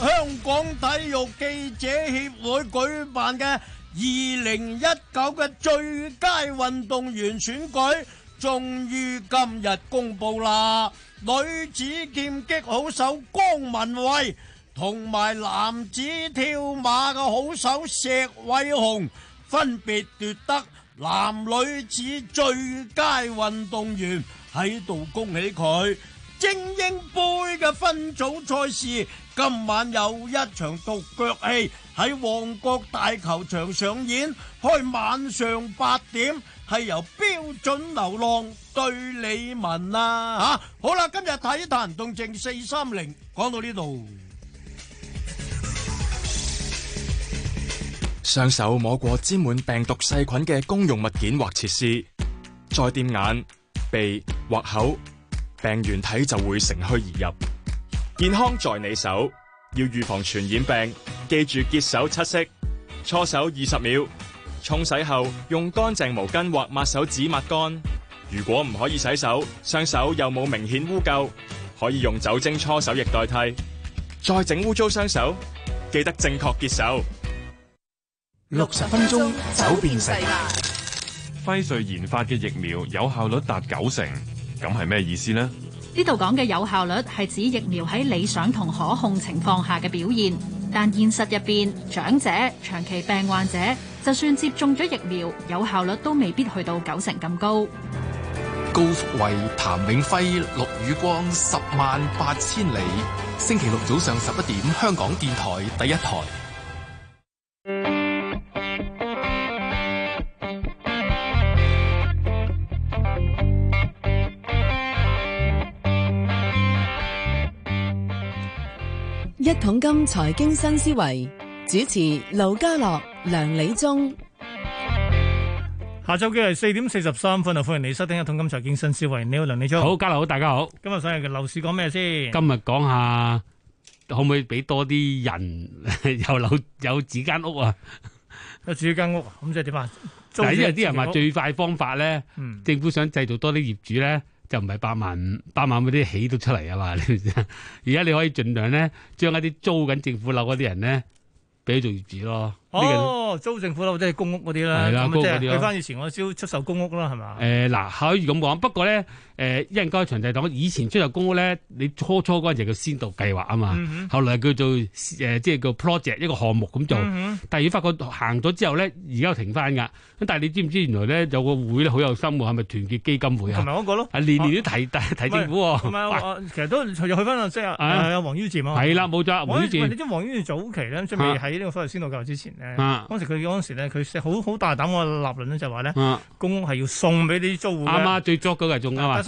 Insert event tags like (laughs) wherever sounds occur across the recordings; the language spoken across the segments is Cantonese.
香港體育記者協會舉辦嘅二零一九嘅最佳運動員選舉，終於今日公布啦！女子劍擊好手江文慧同埋男子跳馬嘅好手石偉雄分別奪得男女子最佳運動員，喺度恭喜佢！精英杯嘅分組賽事。今晚有一場獨腳戲喺旺角大球場上演，開晚上八點，係由標準流浪對李文啊吓、啊。好啦，今日睇《壇動靜四三零》，講到呢度。雙手摸過沾滿病毒細菌嘅公用物件或設施，再掂眼、鼻或口，病原體就會乘虛而入。健康在你手，要預防傳染病，記住潔手七式：搓手二十秒，沖洗後用乾淨毛巾或抹手紙抹乾。如果唔可以洗手，雙手又冇明顯污垢，可以用酒精搓手液代替。再整污糟雙手，記得正確潔手。六十分鐘走遍世界。輝瑞研發嘅疫苗有效率達九成，咁係咩意思呢？呢度講嘅有效率係指疫苗喺理想同可控情況下嘅表現，但現實入邊，長者、長期病患者就算接種咗疫苗，有效率都未必去到九成咁高。高福惠、譚永輝、陸宇光，十萬八千里，星期六早上十一點，香港電台第一台。一桶金之財經新思維，主持劉家樂梁李忠，下晝嘅係四點四十三分，來，歡迎你收聽《一桶金之財經新思維》。你好，梁李忠。好，家樂好，大家好。今日想嘅樓市講咩先？今日講下可唔可以俾多啲人有樓有自己間屋啊？有自己間屋，咁即係點啊？因為啲人話最快方法咧，嗯，政府想製造多啲業主咧。就唔係八萬五，八萬嗰啲起都出嚟啊嘛。而家你可以盡量呢，將一啲租緊政府樓嗰啲人呢，俾佢 (laughs) 做業主咯。哦，租政府樓即係公屋嗰啲啦，即係去翻以前我招出售公屋啦，係嘛？誒，嗱，可以咁講，不過咧，誒，一陣間詳細講以前出售公屋咧，你初初嗰陣時叫先導計劃啊嘛，後來叫做誒，即係叫 project 一個項目咁做，但係如果發覺行咗之後咧，而家停翻噶，咁但係你知唔知原來咧有個會咧好有心喎，係咪團結基金會啊？係咪嗰個咯，年年都提提政府。唔其實都去翻即係阿王于漸啊。係啦，冇錯，王于漸。你知王于漸早期咧，即係喺呢個所謂先導計劃之前嗰、啊、時佢嗰時咧，佢寫好好大膽嘅立論咧，就話咧公屋係要送俾啲租戶嘅。阿媽最作嘅就係仲啱啊！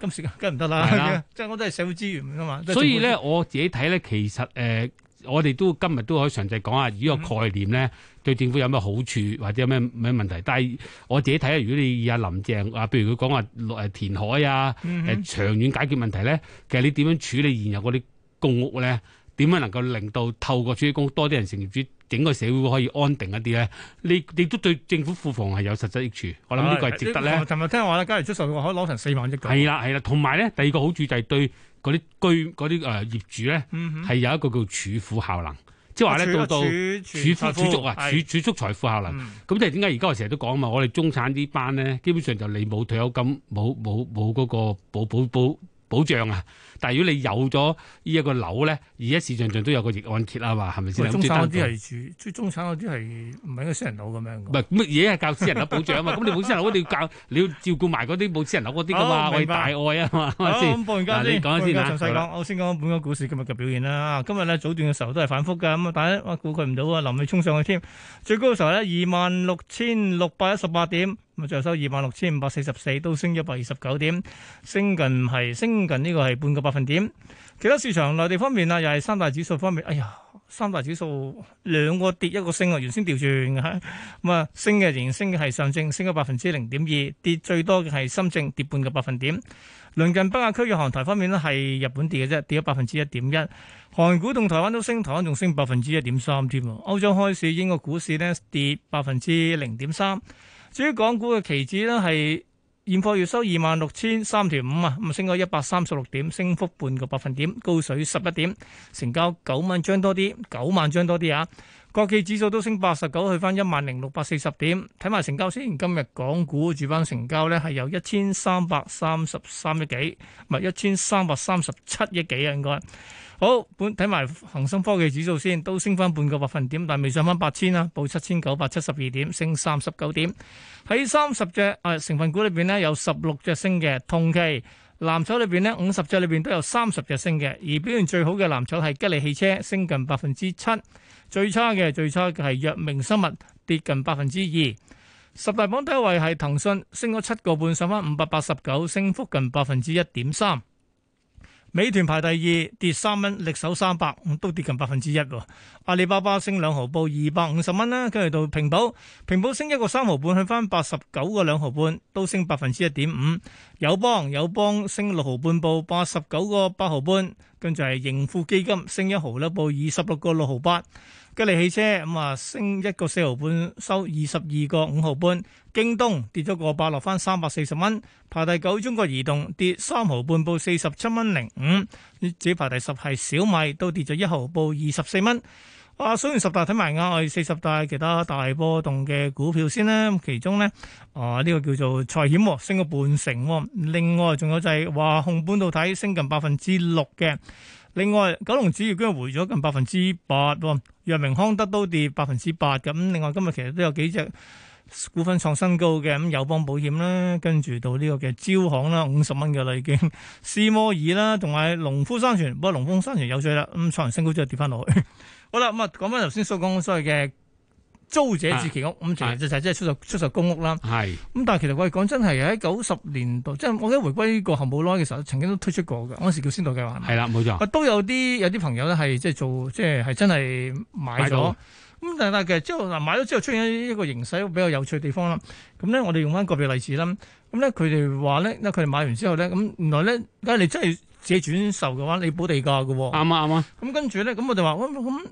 今時梗係唔得啦，即係我都係社會資源噶嘛。所以咧，我自己睇咧，其實誒、呃，我哋都今日都可以詳細講下呢個概念咧，對政府有咩好處，或者有咩咩問題。但係我自己睇下，如果你以阿林鄭啊，譬如佢講話誒填海啊，誒、嗯哼呃、長遠解決問題咧，其實你點樣處理現有嗰啲公屋咧？點樣能夠令到透過處理公屋多啲人成業主？整個社會可以安定一啲咧，你亦都對政府庫房係有實質益處，我諗呢個係值得咧。琴日聽話啦，嘉怡教授話可以攞成四萬億。係啦係啦，同埋咧第二個好處就係對嗰啲居嗰啲誒業主咧，係、嗯、哼有一個叫儲富效能，即係話咧到到儲儲儲蓄啊，儲到達 儲蓄財富效能。咁即係點解而家我成日都講啊嘛？我哋中產呢班咧，基本上就你冇退休金，冇冇冇嗰個保保保。保障啊！但係如果你有咗呢一個樓咧，而家市場上都有個熱按揭啊嘛，係咪先？中產嗰啲係住，中產啲係唔係個私人樓咁樣。唔係乜嘢係教私人樓保障啊嘛？咁你冇私人樓，你要教，你要照顧埋嗰啲冇私人樓嗰啲噶嘛？我哋大愛啊嘛，先？好，咁你講下先啦。細講，我先講本個股市今日嘅表現啦。今日咧早段嘅時候都係反覆嘅，咁啊，但係我估佢唔到啊，臨尾衝上去添，最高嘅時候咧二萬六千六百一十八點。咁就收二萬六千五百四十四，都升一百二十九點，升近係升近呢個係半個百分點。其他市場內地方面啊，又係三大指數方面，哎呀，三大指數兩個跌一個升啊，原先調轉嘅。咁啊、嗯，升嘅仍然升嘅係上證，升咗百分之零點二，跌最多嘅係深證，跌半個百分點。鄰近北亞區域，韓台方面呢，係日本跌嘅啫，跌咗百分之一點一。韓股同台灣都升，台灣仲升百分之一點三添啊。歐洲開市，英國股市呢，跌百分之零點三。至於港股嘅期指咧，係現貨月收二萬六千三條五啊，咁升咗一百三十六點，升幅半個百分點，高水十一點，成交九萬張多啲，九萬張多啲啊。國際指數都升八十九，去翻一萬零六百四十點。睇埋成交先，今日港股主板成交咧係由一千三百三十三億幾，唔係一千三百三十七億幾啊，應該。好，本睇埋恒生科技指數先，都升翻半個百分點，但係未上翻八千啦，報七千九百七十二點，升三十九點。喺三十隻誒成分股裏邊咧，有十六隻升嘅，同期。藍籌裏邊呢，五十隻裏邊都有三十隻升嘅，而表現最好嘅藍籌係吉利汽車，升近百分之七；最差嘅最差嘅係藥明生物，跌近百分之二。十大榜第一位係騰訊，升咗七個半，上翻，五百八十九，升幅近百分之一點三。美團排第二，跌三蚊，力守三百五，都跌近百分之一。阿里巴巴升兩毫，報二百五十蚊啦，跟住到平保，平保升一個三毫半，去返八十九個兩毫半，都升百分之一點五。友邦友邦升六毫半，報八十九個八毫半。跟住係盈富基金升一毫啦，報二十六個六毫八。吉利汽車咁啊升一個四毫半，收二十二個五毫半。京東跌咗個百落翻三百四十蚊。排第九，中國移動跌三毫半，報四十七蚊零五。呢隻排第十係小米，都跌咗一毫，報二十四蚊。啊，雖然十大睇埋啱，額外四十大其他大波動嘅股票先啦。其中咧，啊呢、這個叫做財險、哦，升個半成、哦。另外仲有就係話控半導體升近百分之六嘅。另外九龍紙業今日回咗近百分之八，藥、哦、明康德都跌百分之八。咁、嗯、另外今日其實都有幾隻股份創新高嘅，咁、嗯、友邦保險啦，跟住到呢個嘅招行啦，五十蚊嘅都已經。斯摩爾啦，同埋農夫山泉，不過農夫山泉有追啦，咁、嗯、創新高之後跌翻落去。 (laughs) 好啦，咁啊，講翻頭先所講所謂嘅租者自其屋，咁其實就就即係出售是出售公屋啦。係是，咁但係其實我哋講真係喺九十年代，即係我記得回歸過後冇耐嘅時候，曾經都推出過嘅，嗰時叫先導計劃。係啦，冇錯。都有啲有啲朋友咧，係即係做，即係係真係買咗。咁了但係其實之後嗱，買咗之後出現一個形勢比較有趣嘅地方啦。咁咧，我哋用翻個別例子啦。咁咧，佢哋話咧，佢哋買完之後咧，咁原來咧，你真係。自己轉售嘅話，你補地價嘅喎，啱啊啱啊，啊，啊。咁跟住咧，咁我就話，咁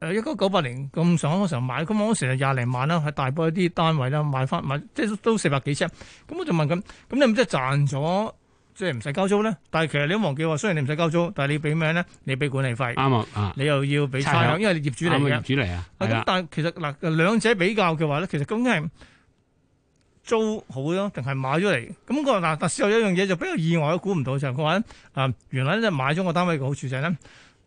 誒一九九八年咁上嗰陣時候買，咁嗰陣時廿零萬啦，喺大埔一啲單位啦，買翻買，即係都四百幾尺。」咁我就問咁，咁你唔即係賺咗，即係唔使交租咧？但係其實你都忘記喎，雖然你唔使交租，但係你俾咩咧？你俾管理費，啱啊，你又要俾差餉，因為你業主嚟業主嚟啊。咁但係其實嗱，兩者比較嘅話咧，其實咁係。租好咯，定係買咗嚟？咁個嗱，但係市場有一樣嘢就比較意外，都估唔到就係佢話啊，原來咧買咗個單位嘅好處就係、是、咧，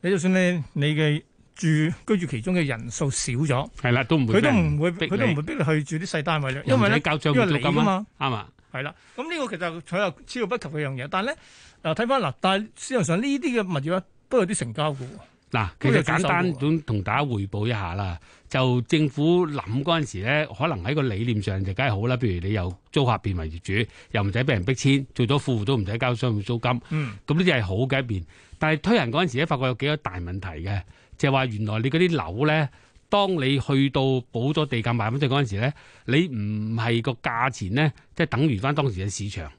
你就算你你嘅住居住其中嘅人數少咗，係啦，都唔會佢都唔會，佢都唔會，你會逼你去住啲細單位，因為咧，交障 因為你啊嘛，啱啊，係啦，咁呢個其實佢又超乎不及嘅樣嘢，但係咧，嗱睇翻嗱，但係市場上呢啲嘅物業咧都有啲成交嘅喎。嗱，其實簡單咁同大家彙報一下啦。就政府諗嗰陣時咧，可能喺個理念上就梗係好啦。譬如你由租客變為業主，又唔使俾人逼遷，做咗富戶都唔使交商業租金。嗯。咁呢啲係好嘅一邊，但係推行嗰陣時咧，發覺有幾多大問題嘅，就係話原來你嗰啲樓咧，當你去到補咗地價賣翻出嗰時咧，你唔係個價錢咧，即係等於翻當時嘅市場。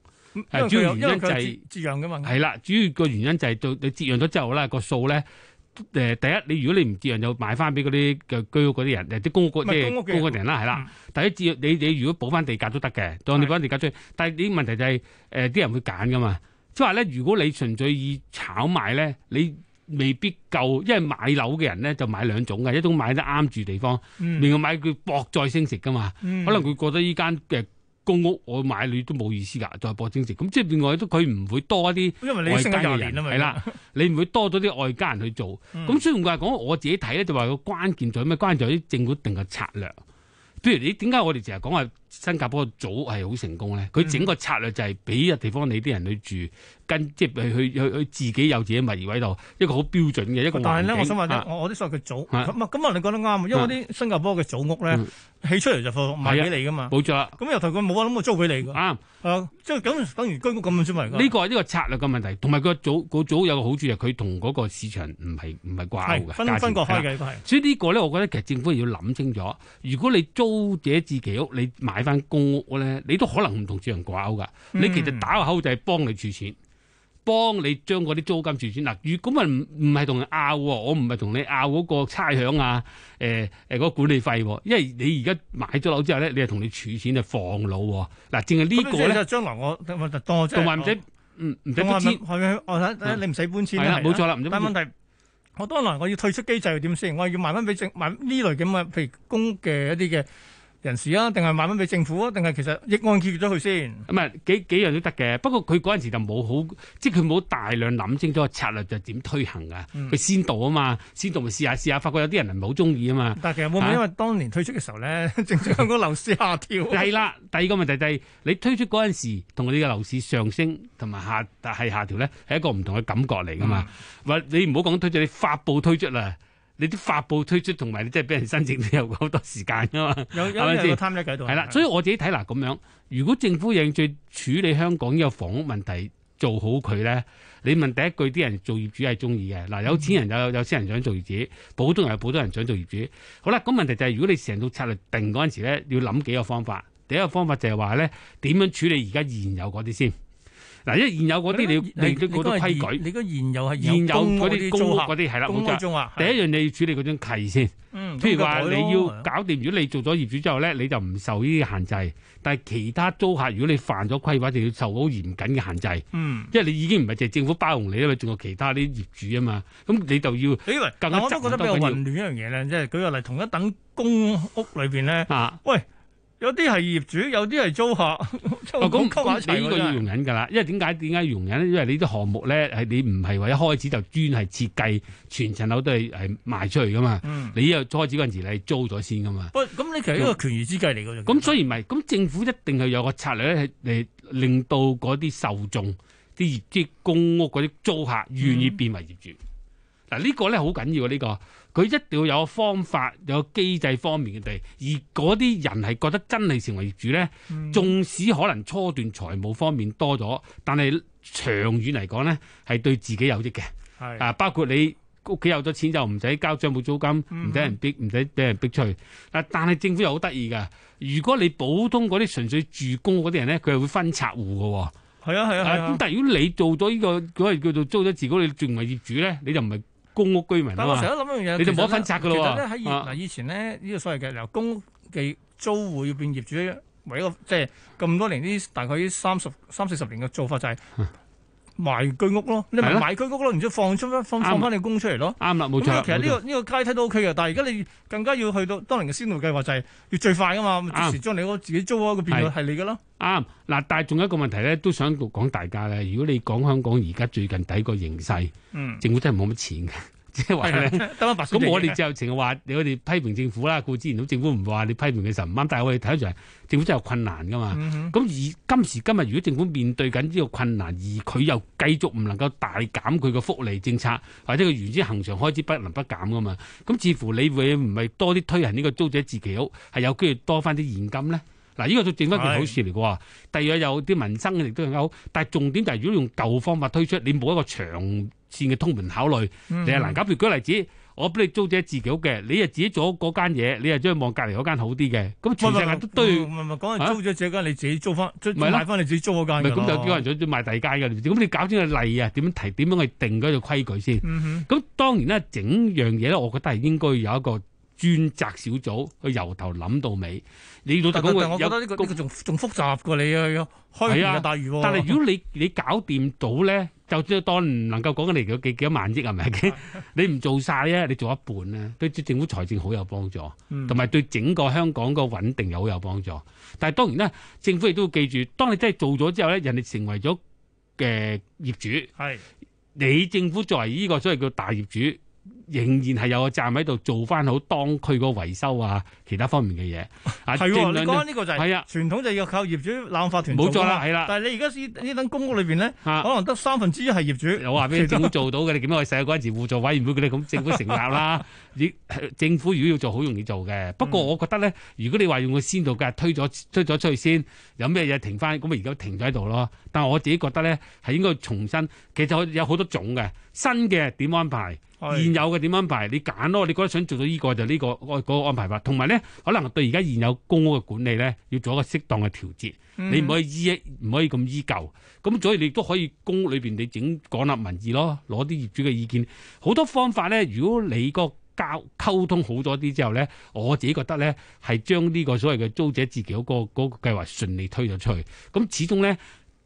主要原因就係折讓嘅問題。因為因為佢係折折讓嘅嘛。係啦，主要個原因就係到你折讓咗之後咧，個數咧。誒、呃、第一，你如果你唔置入就買翻俾嗰啲嘅居屋嗰啲人，誒啲公屋即係公屋嘅人啦，係啦。第一置入你你如果補翻地價都得嘅，當你補翻地價出去，是的 但係啲問題就係誒啲人會揀噶嘛。即係話咧，如果你純粹以炒賣咧，你未必夠，因為買樓嘅人咧就買兩種嘅，一種買得啱住地方，另外、嗯、買佢搏再升值噶嘛，嗯、可能佢覺得依間嘅。呃公屋我買你都冇意思噶，再博升值，咁即係另外都佢唔會多一啲外家人，係啦，的 (laughs) 你唔會多咗啲外家人去做。咁、嗯、雖然話講，我自己睇咧就話、是、個關鍵在咩？關鍵在啲政府定嘅策略。譬如你點解我哋成日講話？新加坡嘅組係好成功咧，佢整個策略就係俾個地方你啲人去住，跟即係去去去自己有自己物業位度，一個好標準嘅一個。但係咧，我想問我我啲所謂嘅組，咁啊你講得啱，因為啲新加坡嘅組屋咧，起出嚟就賣俾你噶嘛，冇錯。咁由頭佢冇乜諗過租俾你㗎，啊，即係咁等於居屋咁樣出嚟？呢個係呢個策略嘅問題，同埋個組個組有個好處就係佢同嗰個市場唔係唔係掛鈎，分分割開嘅，呢個係。所以呢個咧，我覺得其實政府要諗清楚，如果你租者置其屋，你買。翻公屋咧，你都可能唔同主人掛鈎噶。你其實打個口就係幫你儲錢，幫你將嗰啲租金儲錢。嗱，如果唔唔係同人拗，我唔係同你拗嗰個差餉啊，誒、呃、誒，嗰、那個、管理費。因為你而家買咗樓之後咧，你係同你儲錢啊，防老。嗱，淨係呢個咧，將來我多我，同埋唔使唔使搬遷。我睇你唔使搬遷。係啦，冇錯啦。但係問題，我將來我要退出機制又點先？我要賣返俾政府，賣呢類咁啊，譬如公嘅一啲嘅。人士啊，定係賣翻俾政府啊，定係其實逆案揭咗佢先？咁啊，幾幾樣都得嘅。不過佢嗰陣時就冇好，即係佢冇大量諗清楚策略就點推行㗎？佢、嗯、先導啊嘛，先導咪試下試下，發覺有啲人唔係好中意啊嘛。但係其實會唔會因為當年推出嘅時候咧，啊、正正香港樓市下調係啦。第二個問題就係，你推出嗰陣時同我哋嘅樓市上升同埋下，但係下調咧係一個唔同嘅感覺嚟㗎嘛。或、嗯、你唔好講推出，你發布推出啦。你啲發布推出同埋，你即係俾人申請都有好多時間噶嘛，係咪先？係啦 (laughs) 吧， (laughs) 所以我自己睇嗱咁樣。如果政府認真處理香港呢個房屋問題做好佢咧，你問第一句啲人做業主係中意嘅嗱，有錢人有有錢人想做業主，普通人有普通人想做業主。好啦，咁問題就係、是、如果你成套策略定嗰陣時咧，要諗幾個方法。第一個方法就係話咧點樣處理而家現有嗰啲先。嗱，因為現有嗰啲你要釐清嗰啲規矩，你嘅現有係現有嗰啲公屋嗰啲係啦，第一樣你要處理嗰張契先。譬如話你要搞掂，如果你做咗業主之後咧，你就唔受呢啲限制。但係其他租客如果你犯咗規嘅話，就要受好嚴謹嘅限制。即係你已經唔係淨政府包容你，因為仲有其他啲業主啊嘛。咁你就要，我都覺得比較混亂一樣嘢咧，即係舉個例，同一等公屋裏邊咧，喂。有啲係業主，有啲係租客。咁， (laughs) 呢個要容忍㗎啦。因為點解點解要容忍咧？因為你啲項目咧，係你唔係話一開始就專係設計全層樓都係係賣出嚟噶嘛。嗯、你又開始嗰陣時，你係租咗先噶嘛。唔，咁你其實係一個權宜之計嚟㗎。咁那所以唔係，咁政府一定係有個策略咧，嚟令到嗰啲受眾、啲業、啲公屋嗰啲租客願意變為業主。嗱、嗯，個呢、呢個咧好緊要㗎，呢、呢個。佢一定要有方法，有機制方面嘅地，而嗰啲人係覺得真係成為業主咧。嗯、縱使可能初段財務方面多咗，但係長遠嚟講咧，係對自己有益嘅。係是啊，包括你屋企有咗錢就唔使交漲步租金，唔使、嗯、人逼，唔使俾人逼出去。嗱、啊，但係政府又好得意㗎。如果你普通嗰啲純粹住公嗰啲人咧，佢係會分拆戶㗎喎。係啊係啊。咁、啊啊啊、但係如果你做咗呢、呢個，嗰係叫做租咗自己，你轉為業主咧，你就唔係。公屋居民啊嘛，但我成日諗樣嘢，你哋唔可以分拆噶咯喎。其實咧喺以嗱以前咧呢、啊、個所謂嘅由公屋嘅租戶要變業主為，一個即係咁多年呢，大概三十三四十年嘅做法就係、是。買居屋咯，你咪買居屋咯，然之後放出翻放翻對你供出嚟咯，啱啦，冇錯。其實呢、呢個呢錯個階梯都 OK 嘅，但係而家你更加要去到當年嘅先導計劃就係要最快啊嘛，即對時將你屋自己租啊個變咗係你嘅咯。啱嗱，但係仲有一個問題咧，都想講大家咧，如果你講香港而家最近第一個形勢，嗯、政府真係冇乜錢嘅。即係話，咁 (laughs) 說 (laughs) 我哋就成日話，你我哋批評政府啦。固之然都政府唔話你批評嘅時候唔啱，但係我哋睇得就係政府真係有困難噶嘛。咁、嗯、哼而今時今日，如果政府面對緊呢個困難，而佢又繼續唔能夠大減佢個福利政策，或者佢原之恆常開支不能不減噶嘛，咁似乎你會唔係多啲推行呢個租者置其屋，係有機會多返啲現金咧？嗱，依個都整翻件好事嚟嘅喎。第二有啲民生嘅亦都更加好。但係重點就係、是、如果用舊方法推出，你冇一個長線嘅通盤考慮，嗯、哼你係難搞。譬如舉例子，我俾你租者自己屋嘅，你啊自己做嗰間嘢，你啊將佢望隔離嗰間好啲嘅。咁成日都堆嚇。唔係講係租咗這間，你自己租翻，賣翻你自己租嗰間咁就叫人想賣第二間嘅。咁你，你搞清楚例啊，點樣提？點樣去定嗰條規矩先？咁、嗯、哼當然咧，整樣嘢咧，我覺得係應該有一個。專責小組去由頭諗到尾，你老實講會有得仲仲、呢個呢個、複雜過你啊？開門、啊啊、但係如果你你搞掂到咧，就算當唔能夠講緊你幾幾多萬億係咪，是是 (laughs) 你唔做晒咧，你做一半咧，對政府財政好有幫助，同埋、嗯、對整個香港個穩定又好有幫助。但係當然咧，政府亦都要記住，當你真係做咗之後咧，人哋成為咗嘅、呃、業主，係是你政府作為呢個所謂叫大業主。仍然係有個站喺度做翻好當區個維修啊，其他方面嘅嘢。係喎，啊啊啊、你講呢個就係傳統就要靠業主攬法團。冇錯啦，係啦。但係你而家呢等公屋裏邊咧，啊、可能得三分之一係業主。又話俾政府做到嘅，你點樣去寫嗰陣時互助委員會佢哋咁政府成立啦？政府如果要做好，容易做嘅。不過我覺得咧，如果你話用佢先導嘅推咗推咗出去先，有咩嘢停翻咁咪而家停咗喺度咯。但係我自己覺得咧，係應該重新。其實有好多種嘅新嘅點安排，現有嘅。點安排？你揀咯，你覺得想做到呢、呢個就呢、是呢個安、呃那個安排法。同埋咧，可能對而家現有公屋嘅管理咧，要做一個適當嘅調節。嗯、你唔可以依，唔可以咁依舊。咁所以你都可以公屋裏邊你整廣納民意咯，攞啲業主嘅意見。好多方法咧，如果你個交溝通好咗啲之後咧，我自己覺得咧係將呢個所謂嘅租者自己嗰、那個嗰、那個計劃順利推咗出去。咁始終咧，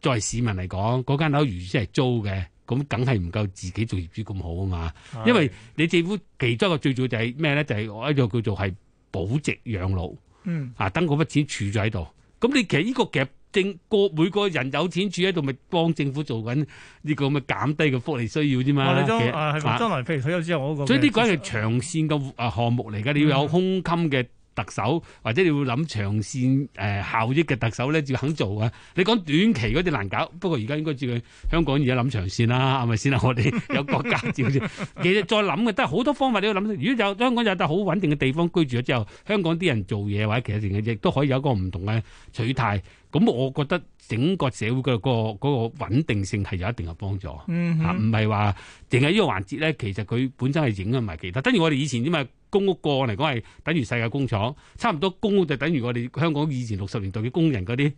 作為市民嚟講，嗰間樓如真係租嘅。咁梗係唔夠自己做業主咁好啊嘛，因為你政府其中一個最早就係咩咧？就係、我、一度叫做係保值養老，嗯、啊，等嗰筆錢儲咗喺度。咁你其實呢、呢個其實政每個人有錢儲喺度，咪幫政府做緊呢個咁嘅減低嘅福利需要啫嘛。實啊，你都啊係將來譬如退休之後我、那個，我個所以呢個係長線嘅啊項目嚟㗎，嗯、你要有胸襟嘅。特首或者你要諗長線誒、呃、效益嘅特首咧，要肯做啊！你講短期嗰啲難搞，不過而家應該注意香港而家諗長線啦，係咪先啦？我哋有國家照住， (laughs) 其實再諗嘅都係好多方法都要諗。如果有香港有得好穩定嘅地方居住咗之後，香港啲人做嘢或者其他嘢，亦都可以有個唔同嘅取態。咁我覺得整個社會嘅，嗰個，嗰個穩定性係有一定嘅幫助，唔係話淨係呢個環節咧。其實佢本身係影響埋其他，等於我哋以前點啊？公屋個嚟講係等於世界工廠，差唔多公屋就等於我哋香港以前六十年代嘅工人嗰啲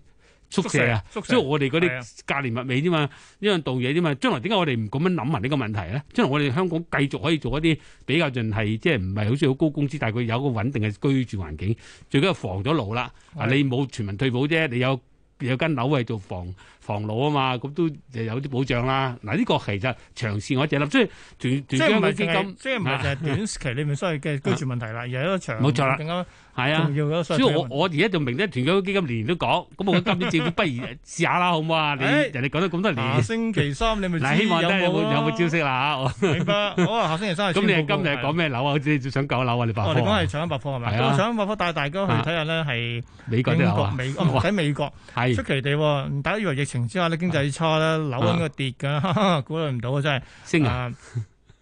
宿舍啊，即係我哋嗰啲價廉物美啫嘛，呢樣的道嘢啫嘛。將來點解我哋唔咁樣諗埋呢個問題咧？將來我哋香港繼續可以做一啲比較盡係即係唔係好似好高工資，但係佢有個穩定嘅居住環境，最緊要防咗老啦。啊的，你冇全民退保啫，你有。有間樓係做防防老啊嘛，咁都有啲保障啦。嗱、這個，呢個其實長線我係認啦，以即以短短期唔係基金，即係唔係短期你咪所謂嘅居住問題啦，啊、而係一個長。冇錯啦、啊。係啊，所以我我而家就明咧，退休基金年年都講，咁我今次政府不如試下啦，好唔好啊？你人哋講咗咁多年，下星期三你咪希望咧有冇有冇招式啦？明白，好啊，下星期三啊。咁你今日講咩樓啊？好似想講樓啊？你百貨哦，你講係搶百科係咪啊？搶百科帶大家去睇下咧，係美國啲樓啊？美國睇美國，出奇地，大家以為疫情之下咧，經濟差咧，樓應該跌噶，估唔到啊，真係。星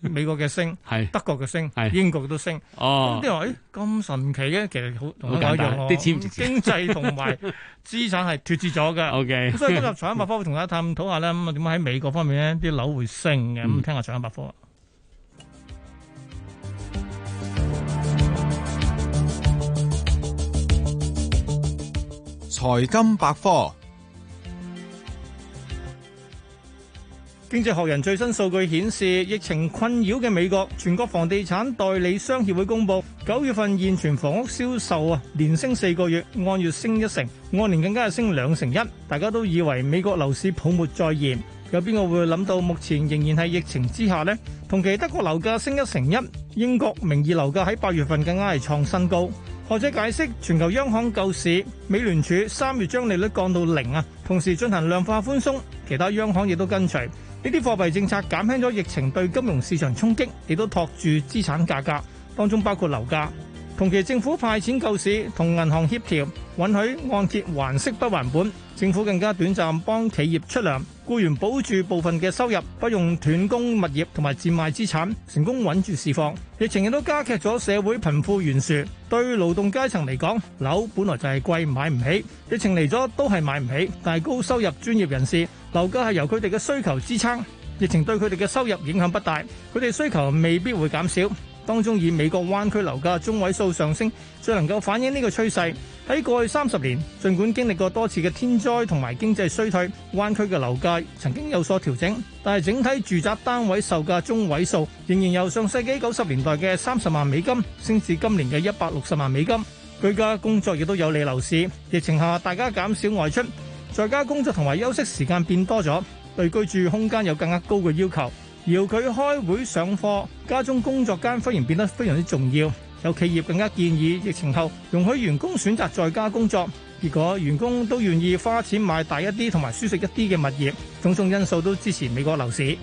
美國嘅升，係是德國嘅升，是英國都升，咁啲話誒咁神奇嘅，其實好好簡單，啲著、啊、經濟同埋資產係脫節咗嘅。OK， (laughs) 所以今日財經百科會同大家探討下咧，咁啊點解喺美國方面咧啲樓會升嘅？咁、嗯、聽下財經百科啊，財金百科。經濟學人最新數據顯示,疫情困擾嘅美國全國房地產代理商協會公佈,九月份現存房屋銷售啊,連升4個月按月升1成按年更加係升2成1。大家都以為美國樓市泡沫再現,有邊個會諗到目前仍然係疫情之下呢?同期德國樓價升1成 1, 英國名義樓價喺8月份更加係創新高。學者解釋,全球央行救市,美聯儲3月將利率降到0啊,同時進行量化寬鬆,其他央行亦都跟隨。呢啲貨幣政策減輕咗疫情對金融市場衝擊，亦都托住資產價格，當中包括樓價。同期政府派錢救市，同銀行協調，允許按揭還息不還本，政府更加短暫幫企業出糧。僱員保住部分嘅收入，不用斷供物業同埋賤賣資產，成功穩住市況。疫情亦都加劇咗社會貧富懸殊，對勞動階層嚟講，樓本來就係貴買唔起，疫情嚟咗都係買唔起。但係高收入專業人士，樓價係由佢哋嘅需求支撐，疫情對佢哋嘅收入影響不大，佢哋需求未必會減少。當中以美國灣區樓價中位數上升，最能夠反映呢個趨勢。喺過去30年，儘管經歷過多次嘅天災同埋經濟衰退，灣區嘅樓價曾經有所調整，但係整體住宅單位售價中位數仍然由上世紀90年代嘅30萬美金升至今年嘅160萬美金。居家工作亦都有利樓市。疫情下，大家減少外出，在家工作同埋休息時間變多咗，對居住空間有更加高嘅要求。遙距開會上課，家中工作間忽然變得非常之重要。有企業更加建議疫情後容許員工選擇在家工作，結果員工都願意花錢買大一啲同埋舒適一啲嘅物業，種種因素都支持美國樓市。